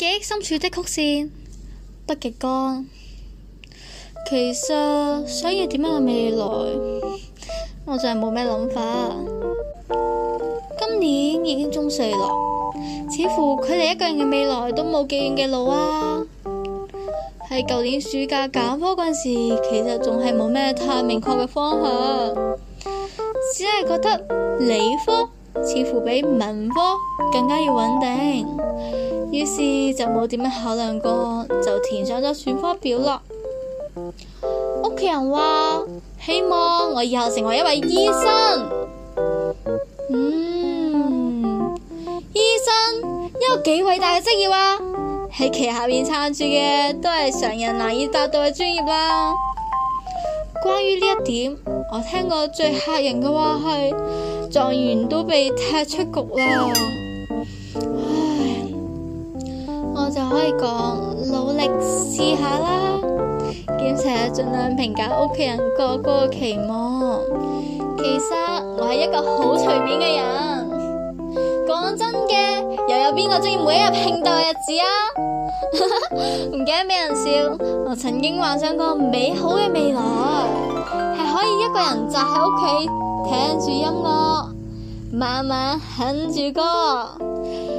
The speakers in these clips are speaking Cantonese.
記憶深處的曲線，北極光。其實想要點樣嘅未來，我就係冇咩諗法。今年已經中四啦，似乎佢哋一個人嘅未來都冇幾遠嘅路啊。喺舊年暑假揀科嗰陣時，其實仲係冇咩太明確嘅方向，只係覺得理科。似乎比文科更加要穩定，於是就冇點樣考量過，就填上咗選科表咯。屋企人話希望我以後成為一位醫生。嗯，醫生一個幾偉大嘅職業啊，喺旗下面撐住嘅都係常人難以達到嘅專業啦、啊。關於呢一點，我聽過最嚇人嘅話係。狀元都被踢出局啦，唉，我就可以講努力試下啦，兼且盡量評價屋企人個個期望。其實我係一個好隨便嘅人，講真嘅，又有邊個鍾意每一日慶祝日子啊？哈哈，唔記得俾人笑，我曾經幻想過美好嘅未來。就喺屋企聽住音樂，慢慢哼住歌，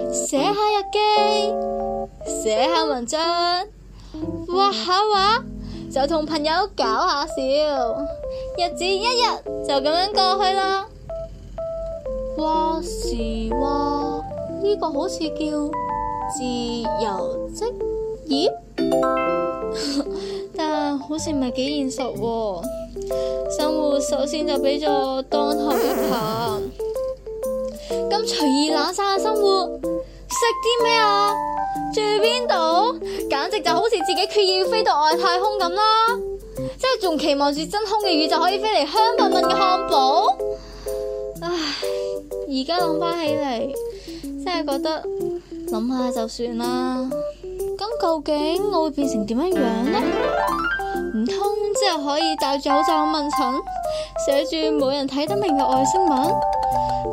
寫下日記，寫下文章，畫下畫，就同朋友搞下笑，日子一日就咁樣過去啦。話時話，呢、這個好似叫自由職業， 但好似唔係幾現實喎。生活首先就俾咗我當頭一棒，咁隨 意懶散嘅生活，食啲咩啊？住邊度？簡直就好似自己決意要飛到外太空咁啦，即係仲期望住真空嘅宇就可以飛嚟香噴噴嘅漢堡。唉，而家諗翻起嚟，真係覺得諗下就算啦。咁究竟我會變成點樣樣呢？唔通？即係可以戴住口罩問診，寫住冇人睇得明嘅外星文，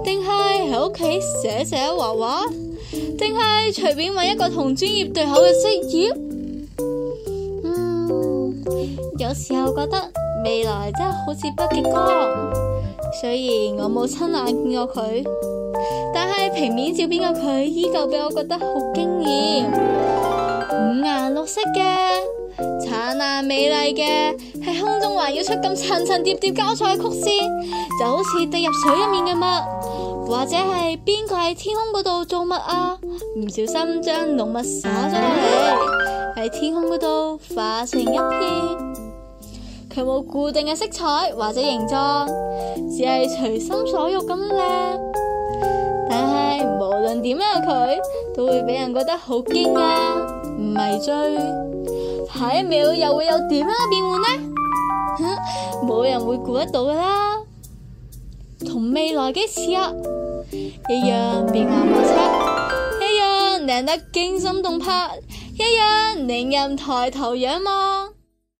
定係喺屋企寫寫畫畫，定係隨便揾一個同專業對口嘅職業。嗯，有時候覺得未來真係好似北極光，雖然我冇親眼見過佢，但係平面照片嘅佢依舊俾我覺得好驚艷，五顏六色嘅，燦爛美麗嘅。還要出咁層層疊疊交錯嘅曲線，就好似跌入水入面嘅墨，或者係邊個喺天空嗰度做乜啊？唔小心將濃墨灑咗落嚟，喺天空嗰度化成一片，佢冇固定嘅色彩或者形狀，只係隨心所欲咁靚。但係無論點樣，佢都會俾人覺得好驚訝、迷醉。下一秒又會有點樣嘅變換呢？冇 人會估得到㗎啦，同未來嘅事啊，一樣變幻莫測，一樣靚得驚心動魄，一樣令人抬頭仰望。